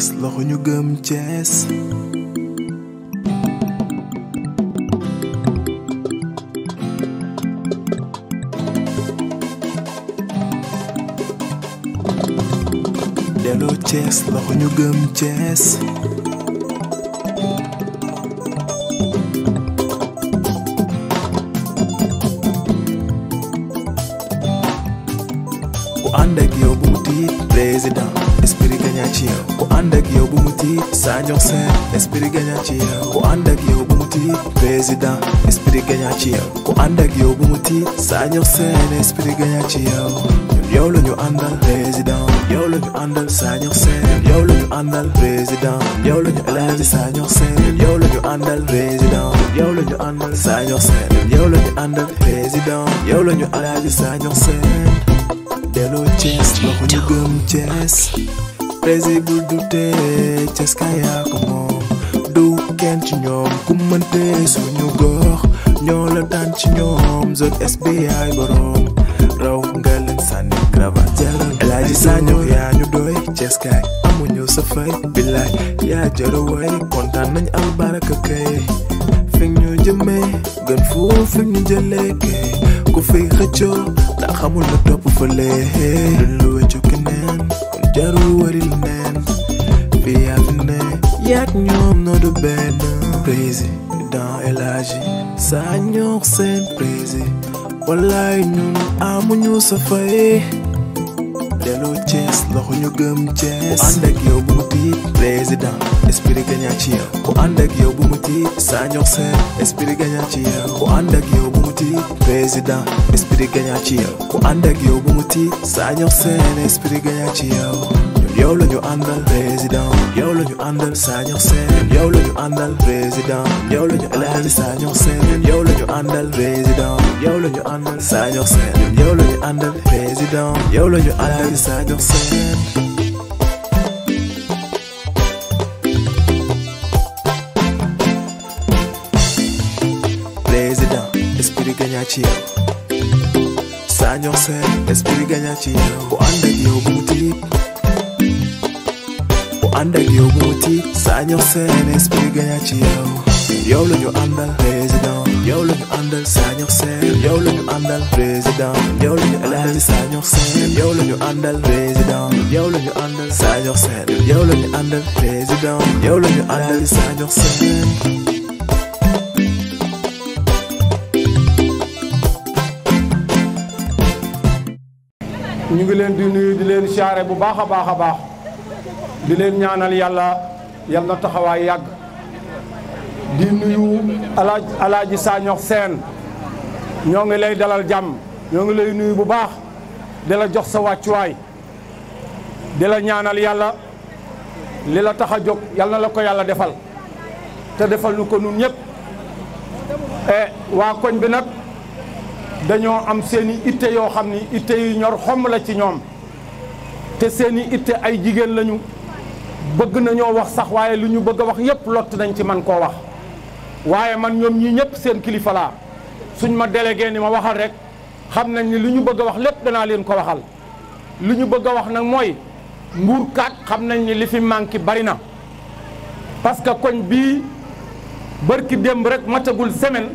jazz, loko nyo gam jazz. delo jazz, loko nyo gam jazz. ku kau ak presiden, bu mu ànd ak yow bu mu tiit saa jox esprit gagnant ci yow ku ànd yow bu mu président esprit gagnant ci yow ku ànd yow bu mu tiit saa jox esprit gagnant ci yow yow la ñu àndal président yow la ñu àndal saa ñox seen yow la ñu àndal président yow la ñu alaaji saa ñox seen yow la ñu àndal président yow la ñu àndal saa ñox seen yow la ñu àndal président yow la ñu alaaji saa ñox seen delloo Cees loxo ñu gëm Cees prési bul dute ca skaya ko moom du kenn ci ñoom ku mënte suñu gox ñoo la tan ci ñoom zone SBI borom raw nga leen sànni cravate jëlal laaji saño yaa ñu doy ca skay amuñu sa fay bilaay yaa jëro way kontaan nañ albaraka kay fi ñu jëmee gën foofu fi ñu jëlee kay ku fi xëccoo ndax xamul la topp fële lu wëccu ki neex jarul waril neen fi yaa fi ne ñoom noo du benn président El Hadji saa ñoox seen président wallaay ñun amuñu sa fay delloo Thiès loxo ñu gëm Thiès ku ànd ak yow bu mu tiit président esprit gagnant ci yow ku ànd ak yow bu mu saa ñoox seen esprit gagnant ci yow ku yow muti président esprit gagnant ci yow ku ànd ak yow bu muti saa ñox seen esprit gagnant ci yow ñun yow la ñu àndal président yow la ñu àndal saa ñox seen yow la ñu àndal président yow la ñu àndal saa ñox seen yow la ñu àndal président yow la ñu àndal saa ñox seen yow la ñu àndal président yow la ñu àndal saa ñox seen ganya chiyo Sanyo se esprit ganya chiyo Ko anda giyo gumuti Ko anda giyo gumuti Sanyo se esprit ganya chiyo Yolo nyo anda president Yolo nyo anda sanyo se Yolo nyo anda president Yolo nyo anda sanyo se Yolo nyo anda president Yolo nyo anda sanyo se Yolo nyo anda president Yolo nyo anda sign yourself. ñu ngi leen di nuyu di leen siyaare bu baax baax a baax di leen ñaanal yàlla yal na yàgg di nuyu alaaj alaaji Sañox Seen ñoo ngi lay dalal jàmm ñoo ngi lay nuyu bu baax di la jox sa wàccuwaay di la ñaanal yàlla li la tax a jóg yal na la ko yàlla defal te defal nu ko nun ñëpp e eh, waa koñ bi nag dañoo am seeni i yoo xam ni ite yu ñor xomm la ci ñoom te seeni i ay jigéen lañu bëgg nañoo wax sax waaye lu ñu bëgg wax yépp lott nañ ci man koo wax waaye man ñoom ñii ñëpp seen kilifa laa suñ ma delegee ni ma waxal rek xam nañ ni lu ñu bëgg a wax lépp danaa leen ko waxal lu ñu bëgg a wax nag mooy mbuurkat xam nañ ni li fi manqué bari na parce que koñ bii bërki démb rek matagul semaine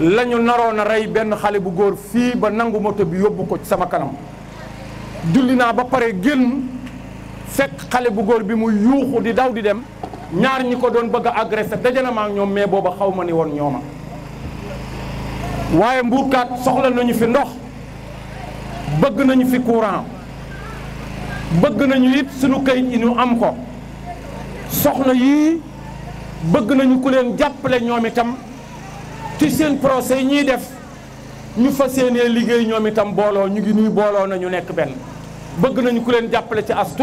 la ñu naroon a rey benn xale bu góor fii ba nangu moto bi yóbbu ko ci sama kanam julli naa ba pare génn fekk xale bu góor bi mu yuuxu di daw di dem ñaar ñi ko doon bëgg a agressé daje ñoom mais booba xaw ma ni woon ñooma waaye mbuurkaat soxla nañu fi ndox bëgg nañu fi courant bëgg nañu it suñu kayit yi ñu am ko soxna yii bëgg nañu ku leen jàppale ñoom itam ci seen procès yi ñuy def ñu fas yéenee liggéey ñoom itam booloo ñu ngi booloo na ñu nekk benn bëgg nañu ku leen jàppale ci as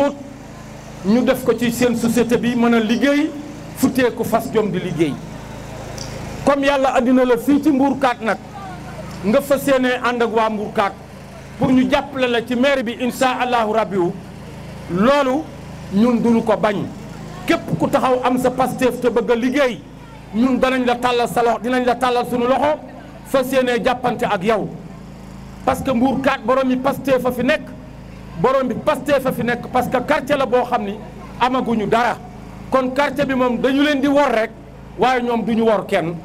ñu def ko ci seen société bi mën a liggéey futteeku fas jom di liggéey comme yàlla àddina la fii ci mbuurkaat nag nga fas yéenee ànd ak waa mbuurkaat pour ñu jàppale la ci maire bi insha allahu rabbi loolu ñun duñu ko bañ képp ku taxaw am sa Pastef te bëgg a liggéey ñun danañ la tàllal sa loxo dinañ la tàllal suñu loxo fas yéenee jàppante ak yow parce que mbuur kaat borom bi Pastef fa fi nekk borom bi Pastef fa fi nekk parce que karce la boo xam ni amaguñu dara kon quartier bi moom dañu leen di wor rek waaye ñoom ñu wor kenn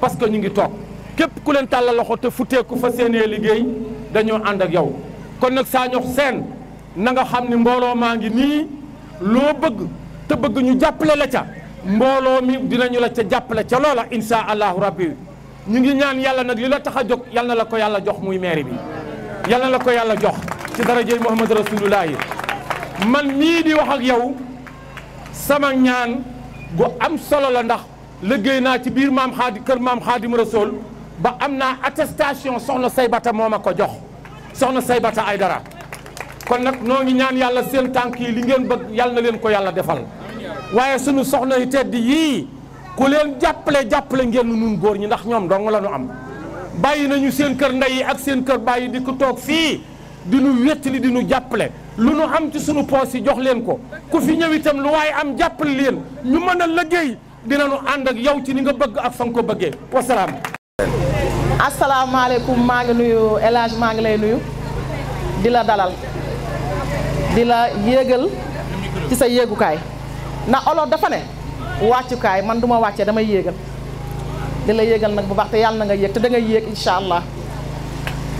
parce que ñu ngi toog képp ku leen tàllal loxo te futéeku fa yéenee liggéey dañoo ànd ak yow kon nag Sagnokh Sène na nga xam ni mbooloo maa ngi nii loo bëgg te bëgg ñu jàpp la ca mbooloo mi dina ñu la ca jàppale ca loola insha allahu rabbi ñu ngi ñaan yàlla nag li la tax a jóg yal la ko yàlla jox muy maire bi yal na la ko yàlla jox ci darajey Muhammad rasulullahi man mii di wax ak yow sama ñaan gu am solo la ndax léggéey naa ci biir maam xaadi kër maam xaadim rasool ba am naa attestation soxna saybata moo ma ko jox soxna saybata ay dara kon nag noo ngi ñaan yàlla seen tànk yi li ngeen bëgg yàlla na leen ko yàlla defal waaye sunu soxna yu tedd yii ku leen jàppale jàppale ngeen nun góor ñi ndax ñoom dong la ñu am bàyyi nañu seen kër ndey yi ak seen kër bàyyi di ko toog fii di nu wéttali di nu jàppale lu nu am ci sunu poos yi jox leen ko ku fi ñëw itam lu waaye am jàppale leen ñu mën a liggéey dinañu ànd ak yow ci ni nga bëgg ak fa ko bëggee wasalaam. asalaamaaleykum maa ngi nuyu El maa ngi lay nuyu di la dalal di la yéegal ci sa yéegukaay. na olo dafa ne kay man duma wacce dama yegal dila yegal nak bu baxte yalla nga yek te da nga yek inshallah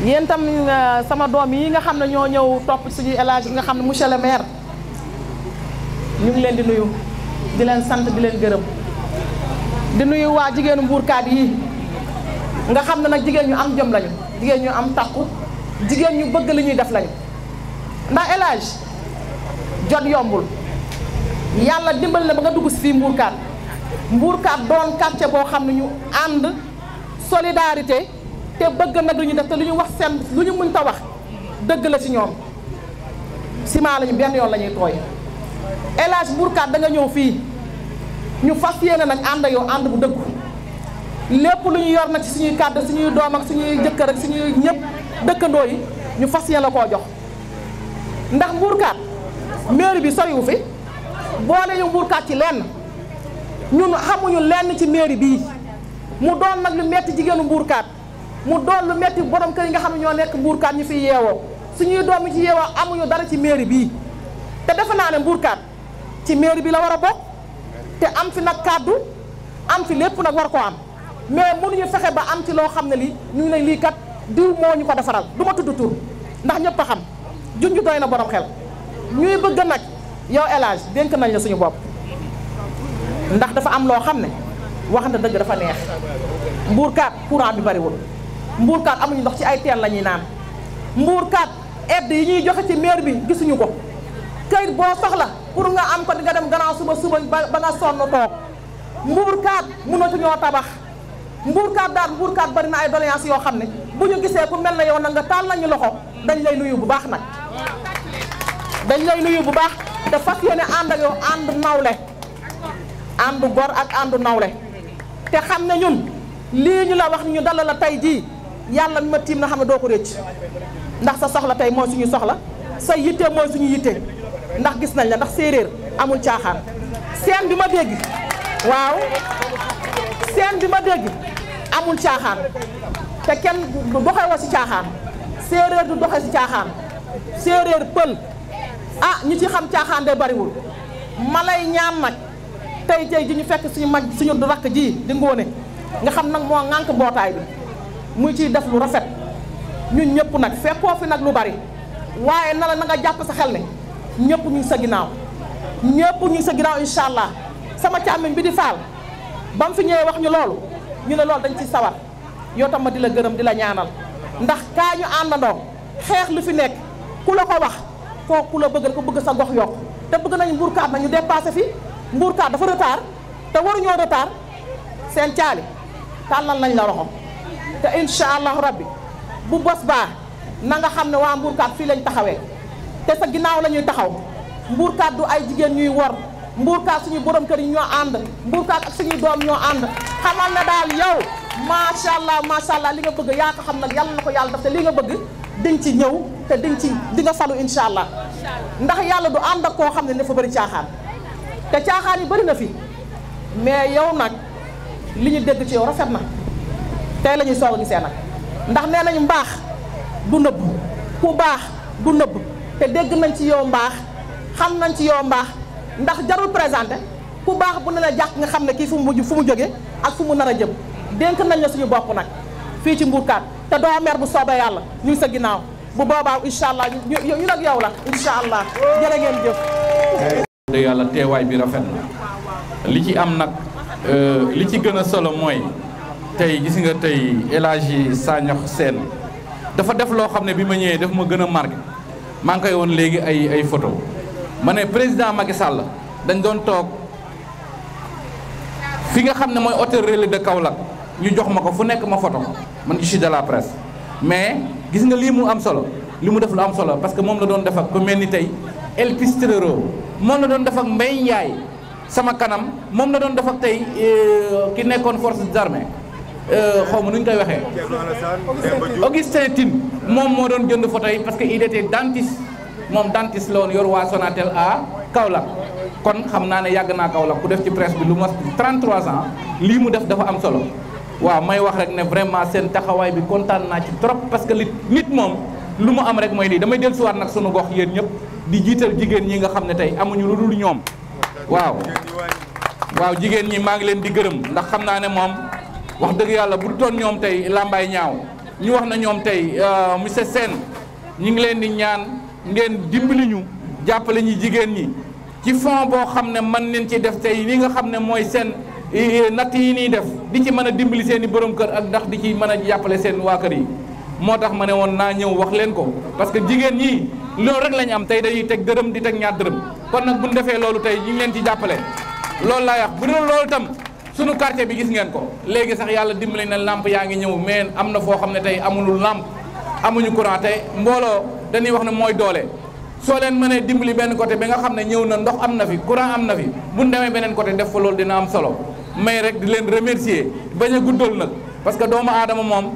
allah tam euh, sama dom yi nga xamne ño ñew top suñu élage nga xamne monsieur le maire ñu ngi len di nuyu di len sante di len gëreum di nuyu waa mbur kaat yi nga xamne nak nag ñu am jëm lañu jigéen ñu am takku jigéen ñu bëgg li ñuy def lañu ndax élage jot yombul yàlla dimbali na ba nga dugg si fii Mbourkat Mbourkat doon quartier boo xam ne ñu ànd solidarité te bëgg nag lu ñu def te lu ñu wax seen lu ñu mën ta wax dëgg la ci ñoom ciment lañu benn yoon lañuy tooy El Hadj Mbourkat da nga ñëw fii ñu fas yéene nag ànd yow ànd bu dëggu lépp lu ñu yor na ci suñuy kàdd suñuy doom ak suñuy jëkkër ak suñuy ñëpp dëkkandoo yi ñu fas yéene la ko jox ndax Mbourkat mairie bi soriwu fi boole ñu mbuurkat ci lenn ñun xamuñu lenn ci mairie bii mu doon nag lu metti jigéenu mbuurkat mu doon lu metti borom kër nga xam ne ñoo nekk mbuurkat ñu fi yeewoo suñuy doom yi ci yeewoo amuñu dara ci mairie bii te defe naa ne mbuurkat ci mairie bi la war a bokk te am fi nag kàddu am fi lépp nag war ko am mais mënuñu fexe ba am ci loo xam ne lii ñu ne lii kat diw moo ñu ko defaral du ma tudd tur ndax ñëpp a xam junj doy na borom xel ñuy bëgg yow élage denk nañ la suñu bop ndax dafa am lo xam ne wax na dëgg dafa neex kat courant bi mbour kat amuñu ndox ci ay teen lañuy naan mbour kat aide yi ñuy joxe ci maire bi gisunu ko keur bo soxla pour nga am ko di nga dem gannaaw suba suba ba nga sonn toog mbuurkaat mënatu ñoo tabax kat daal kat bari na ay doléance yo xam buñu gisé ku melna yow na nga tal nañu loxo dañ lay nuyu bu baax nak dañ lay nuyu bu baax te fas yéene and ak yo and nawle and gor ak and nawle te xam ñun li ñu la wax ñu dalala tay ji yalla ma tim na xam do ko recc ndax sa soxla tay mo suñu soxla sa yitte mo suñu yitte ndax gis nañ la ndax séeréer amul caaxaan sen bima deg dégg sen bima deg amul caaxaan te kenn du doxewoo ci caaxaan du doxe ci caaxaan séeréer ah ñu ci xam caaxaan de bari wul malay ñaan nak tay tay ji ñu fekk suñu mag suñu rak ji di ngone nga xam nak mo ngank botay bi muy ci def lu rafet ñun ñepp nak fekkoo fi nak lu bari waye nala nga japp sa xel ne ñepp ñu sa ginaaw ñepp ñu sa ginaaw inshallah sama càmmiñ bi di faal bam fi ñewé wax ñu lool ñu ne lool dañ ci sawar yo tam ma dila la dila ñaanal ndax kañu andando xex lu fi nek ku la ko wax kooku la bëgg ko bëgg sa gox yokk te bëgg nañ mbuurkaat nañu dépassé fi mbuurkaat dafa retard te waruñoo retard seen caali tàllal nañ la loxo te incha rabbi bu bos baa na nga xam ne waa mbuurkaat fii lañ taxawee te sa ginnaaw la ñuy taxaw mbuurkaat du ay jigéen ñuy wor mbuurkaat suñuy borom kër yi ñoo ànd mbuurkaat ak suñuy doom ñoo ànd xamal ne daal yow macha allah li nga bëgg yaa ko xam nag yàlla na ko yàlla def te li nga bëgg diñ ci ñëw te di nga ci di nga falu incha allah ndax yàlla du ànd ak koo xam ne dafa bëri caaxaan te caaxaan yi bëri na fi mais yow nag li ñu dégg ci yow rafet na tey lañuy ñuy soog a gisee nag ndax nee nañu mbaax du nëbb ku baax du nëbb te dégg nañ ci yow mbaax xam nañ ci yow mbaax ndax jarul présenter ku baax bu ne la jàkk nga xam ne kii fu mu fu mu jóge ak fu mu nar a jëm dénk nañ la suñu bopp nag fii ci mbuurkaat te doo mer bu soobee yàlla ñu sa ginnaaw bu boobaa incha allah ñu ñu nag la incha allah jërë ngeen jëf. de yàlla teewaay bi rafet na li ci am nag euh, li ci gën a solo mooy tey gis nga tey El Hadji Sagnax Sène dafa def loo xam ne bi ma ñëwee daf ma gën a marqué maa koy woon léegi ay ay photo ma ne président Macky Sall dañ doon toog fi nga xam ne mooy hôtel Relais de Kaolack ñu jox ma ko fu nekk ma photo man je suis de la presse mais. gis nga lii mu am solo li mu def lu am solo parce que moom la doon def ak ku mel ni tey El Pistrero moom la doon defak ak Mbaye sama kanam moom la doon def ak tey euh, ki nekkoon forces armées euh, xaw ma nu ñu koy waxee. Augustin Tine moom moo doon jënd photo yi parce que il était dentiste moom dentiste la woon yor waa Sonatel à Kaolack kon xam naa ne yàgg naa Kaolack ku def ci presse bi lu mos 33 ans lii mu def dafa am solo. wa may wax rek ne vraiment sen taxaway bi contane na ci trop parce que nit nit mom lu mu am rek moy li damay dellusiwaat nak sunu gox yeen ñep di jital jigen ñi nga xamne tay amuñu lu dul ñoom waaw waaw jigen ñi ma ngi leen di gërëm ndax xamna ne mom wax deug yalla bu ton ñom tay lambay ñaaw ñu wax na ñoom tey euh, monsieur sen ñi ngi leen di ñaan ngeen dimbali ñu jappale ñi jigen ñi ci fond bo xamne man neen ci def tay li nga xamne moy sen natt yi nii def di ci mën a dimbali seen i borom kër ak ndax di ci mën a jàppale seen waa kër yi moo tax ma ne woon naa ñëw wax leen ko parce que jigéen ñi loolu rek lañ am tey dañuy teg dërëm di teg ñaar dërëm kon nag bu ñu defee loolu tey ñu ngi leen ci jàppale loolu laa wax bu dul loolu tam sunu quartier bi gis ngeen ko léegi sax yàlla dimbali na lamp yaa ngi ñëw mais am na foo xam amulul lamp amuñu courant tey mbooloo dañuy wax ne mooy doole soo leen mënee dimbali benn côté bi nga xam ne na ndox am na fi courant am na fi bu ñu demee côté def fa loolu dina am solo may rek di len remercier baña guddol nak parce que doomu adama mom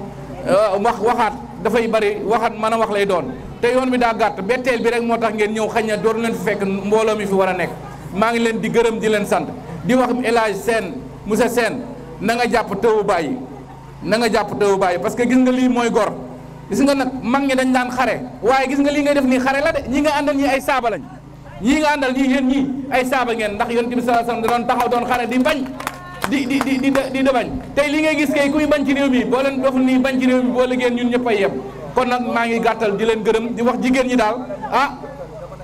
euh, wax da fay bari waxat mana wax lay doon te yoon bi da gatt betel bi rek motax ngeen ñew xagna door leen fi fekk mbolo mi fi wara nek ma ngi leen di gëreem di leen sant di wax elage sen monsieur sen na nga japp teewu bàyyi na nga japp teewu bàyyi parce que gis nga li moy gor gis nga nak mag ñi dañ daan xare waye gis nga li ngay def ni xare la de ñi nga andal ñi ay saaba lañ ñi nga andal ñi yéen ñi ay saaba ngeen ndax yonent bi sallallahu alayhi wasallam da doon taxaw doon xare di bañ di di di di di bañ tey li ngay gis kay kuy bañ ci réew mi boo leen doful nii bañ ci réew mi boo liggéen ñun ñëpp a yem kon nag maa ngi gàttal di leen gërëm di wax jigéen ñi daal ah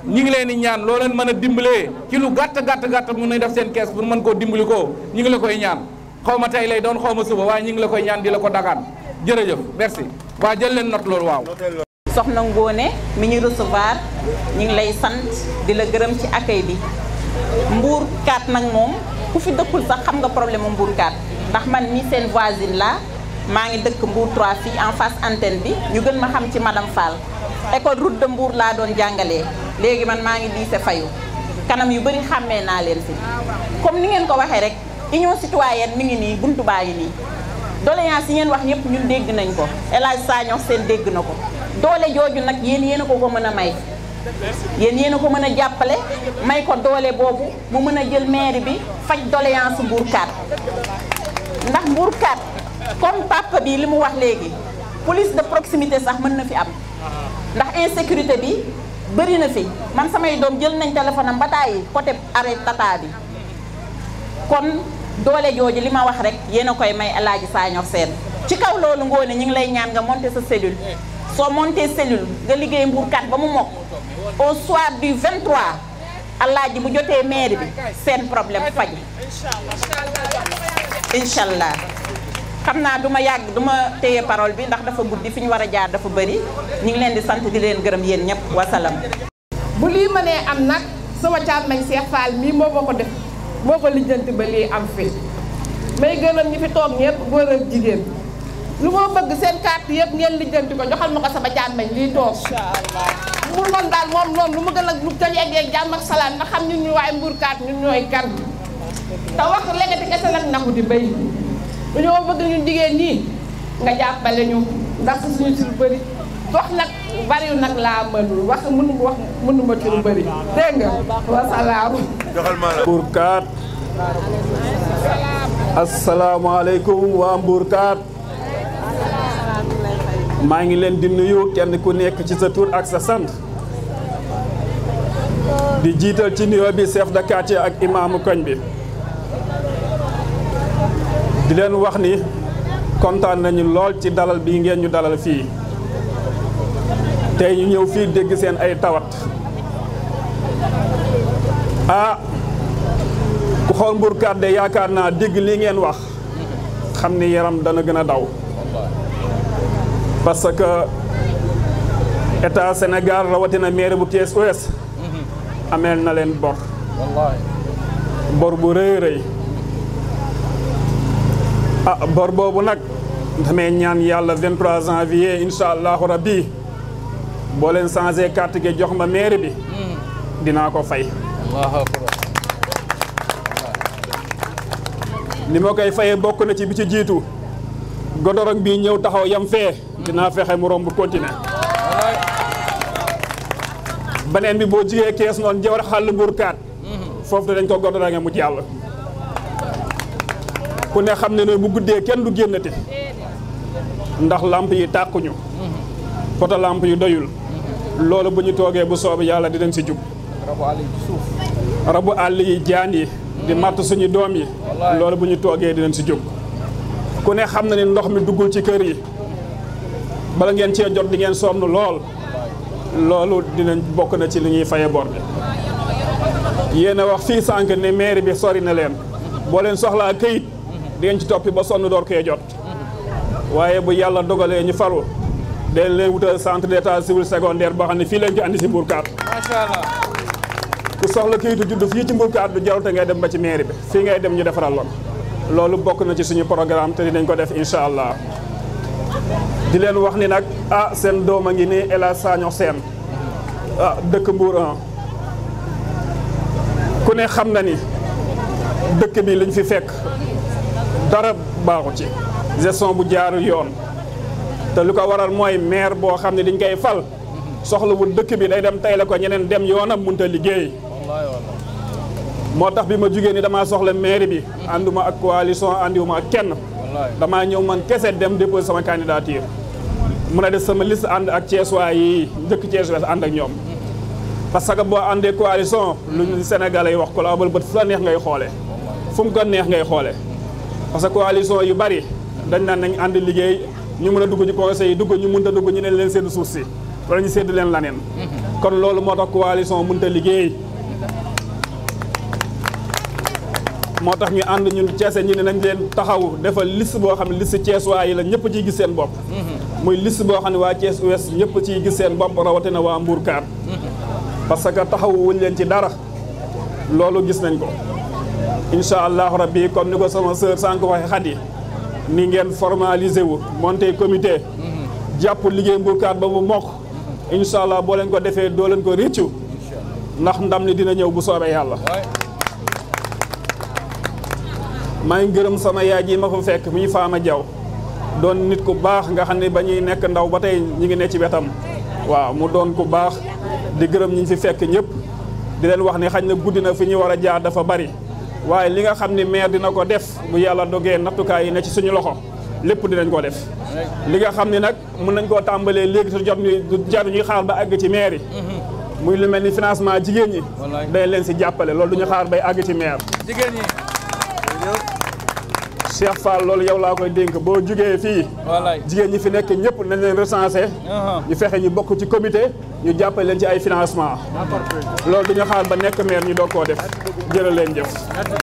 ñi ngi leen di ñaan loo leen mën a dimbalee ci lu gàtt gàtt gàtt mu nañ def seen kees pour mën koo dimbali ko ñi ngi la koy ñaan xaw ma tey lay doon xaw ma suba waaye ñi ngi la koy ñaan di la ko dagaan jërëjëf merci waa jël leen note lool waaw soxna Ngone mi ñu recevoir ñi ngi lay sant di la gërëm ci accueil bi Mbour nag moom ku fi dëkkul sax xam nga problème mu Mbourkat ndax man mii seen voisine laa maa ngi dëkk Mbour 3 fii en face antenne bi ñu gën ma xam ci madame Fall école route de Mbour laa doon jàngalee léegi man maa ngi diise fayu kanam yu bëri xàmmee naa leen fi comme ni ngeen ko waxee rek union citoyenne mi ngi nii buntu baa ngi nii doléance yi ngeen wax ñëpp ñun dégg nañ ko El saa Sagno seen dégg na ko doole jooju nag yéen yéen a ko ko mën a may yéen yéen a ko mën a jàppale may ko doole boobu mu mën a jël mairie bi faj doléance Mbourkat ndax Mbourkat comme papa bii li mu wax léegi police de proximité sax mën na fi am ndax insécurité bi bëri na fi man samay doom jël nañ téléphone am ba tàyyi côté arrêt tata bi kon doole jooju li ma wax rek yéen a koy may Alaaji Sañor Seen ci kaw loolu ngoone ñu ngi lay ñaan nga monter sa cellule soo montee cellule nga liggéey mbuurkat ba mu mokk au soir du 23 alaaji bu jotee maire bi seen problème faj incha allah xam naa du ma yàgg du ma téye parole bi ndax dafa guddi fi ñu war a jaar dafa bëri ñu ngi leen di sant di leen gërëm yéen ñëpp wasalaam. bu lii mënee am nag sama caat nañ Cheikh Fall mii moo ma ko def moo ko lijjanti ba lii am fi may gërëm ñi fi toog ñëpp góor ak jigéen. lu mo bëgg seen carte yëpp ngeen lijjanti ko joxal mako sama sama li lii inshallah mu non dal mom non lu mu gën a lu ta yeggee jamm ak salam nga xam ñun ñu way mbur carte ñun ñoy gan ta wax legge te kese nag nangu di bay béy ñoo bëgg ñun jigéen ni nga jàppale ñu ndax suñu ci lu bëri wax nak bari nak la mënul wax mënu wax mënu ma ci lu bëri dégg nga wasalaam joxal ma la mbur carte assalamu alaykum wa mbur carte ma ngi len di nuyu kenn ku nekk ci sa tur ak sa sant di jital ci nuyoo bi chef de quartier ak imam koñ bi di len wax ni kontaan nañu lol ci dalal bi ngeen ñu dalal fi tay ñu ñew fi degg seen ay tawat a ah, ko xol mbur kadde yaakar na degg li ngeen wax xamni yaram dana gëna daw parce que état Sénégal rawatina maire bu Thiès Ouest ameel na leen bor bor bu rëy rëy ah bor boobu nag damay ñaan yàlla 23 janvier incha allahu rabbi boo leen changé carte gi jox ma maire bi hmm. dinaa ko fay ni ma koy fayee bokk na ci bi ci jiitu godorog bi ñëw taxaw yam fee dina fexé mu romb continent beneen bi boo jigee kees noonu jawar xàll mburkaat fofu dañ ko gordorange mu jàll ku ne xamne ne bu guddee kenn du gennati ndax lamp yi tàkkuñu poto lamp yu doyul lolu buñu ñu bu bu yalla di dinañ ci jub rabu àll yi jaan di mat suñu dom yi lolu buñu ñu di dinañ ci jub ku ne xamne ni ndox mi duggul ci kër yi bala ngeen cee jot di ngeen sonn lool loolu dinañ bokk na ci li ñuy faye bon bi yéen a wax fii sànq ne mairie bi sori na leen boo leen soxlaa këyit di ci toppi ba sonn door koy jot waaye bu yàlla dogalee ñu faru dañ leen wutal centre d'état civil secondaire boo xam ne fii leen ci indi si Mbourkaat macha allah ku soxla këyitu juddu fii ci Mbourkaat du jarul te ngay dem ba ci mairie bi fii ngay dem ñu defaral loolu bokk na ci suñu programme te dinañ ko def incha allah di leen wax ni nag ah seen doom a ngi nii El Hadj Sagno Sène ah, dëkk Mbour ku ne xam na ni dëkk bi liñ fi fekk dara baaxu ci gestion bu jaar yoon te lu ko waral mooy maire boo xam ne dañ koy fal soxla wu dëkk bi day dem tay la ko ñeneen dem yoonam mënut a liggéey moo tax bi ma jugee ni damaa soxla maire bi ànduma ak coalition àndiwuma ak kenn damaa ñëw man kese dem déposer sama candidature mun a def sama list ànd ak Thiessois yi njëkk Thiès Ouest ànd ak ñoom parce que boo àndee coalition lu ñu Sénégalais ay wax ko la abal bët fu la neex ngay xoole fu mu ko neex ngay xoole parce que coalition yu bari dañ naan nañ ànd liggéey ñu mën a dugg ci conseil yi dugg ñu mun a dugg ñu ne leen seen suuf si wala ñu sédd leen laneen mm-hmm. kon loolu moo tax coalition mënta liggéey motax ñu and ñun Ceese ñu nañ leen taxaw defal liste bo xamni liste Cees waa la ñëpp ci gis seen bop muy liste bo xamni wa waa Cees Ouest ñëpp ci gis seen bopp mm-hmm. na wa Mbour kaat mm-hmm. parce que taxaw wuñ leen ci dara lolu gis nañ ko incha rabbi comme ni ko sama sœur sank waxe xadi ni ngeen formaliser wu monté comité mm-hmm. japp liggéey Mbour kaat ba mu mok incha allah boo leen ko défé do leen ko réccu ndax ndam ni dina ñëw bu soobee yalla maa ngi gërëm sama yaay ji ma fa fekk muy Fama Diaw doon nit ku baax nga xam ne ba ñuy nekk ndaw ba tey ñu ngi ne ci wetam waaw mu doon ku baax di gërëm ñu ñu si fekk ñëpp di leen wax ne xañ na guddi na fi ñu war a jaar dafa bari waaye li nga xam ne mair dina ko def bu yàlla dogee nattukaay yi ne ci suñu loxo lépp dinañ ko def li nga xam ni nag mën nañ koo tàmbalee léegi su jot ñu jar ñuy xaar ba àgg ci maire yi mm-hmm. muy lu mel ni financement jigéen ñi dañ leen si jàppale loolu duñu xaar bay àgg ci maire Cheikh Fall lolou yow la koy denk bo jugee fi wallahi djigen ñi fi nek ñepp nañ leen recenser uh-huh. ñu fexé ñu bokku ci comité ñu jàppale leen ci ay financement loolu du ñu xaar ba nek maire ñu doog koo def jërë leen jëf.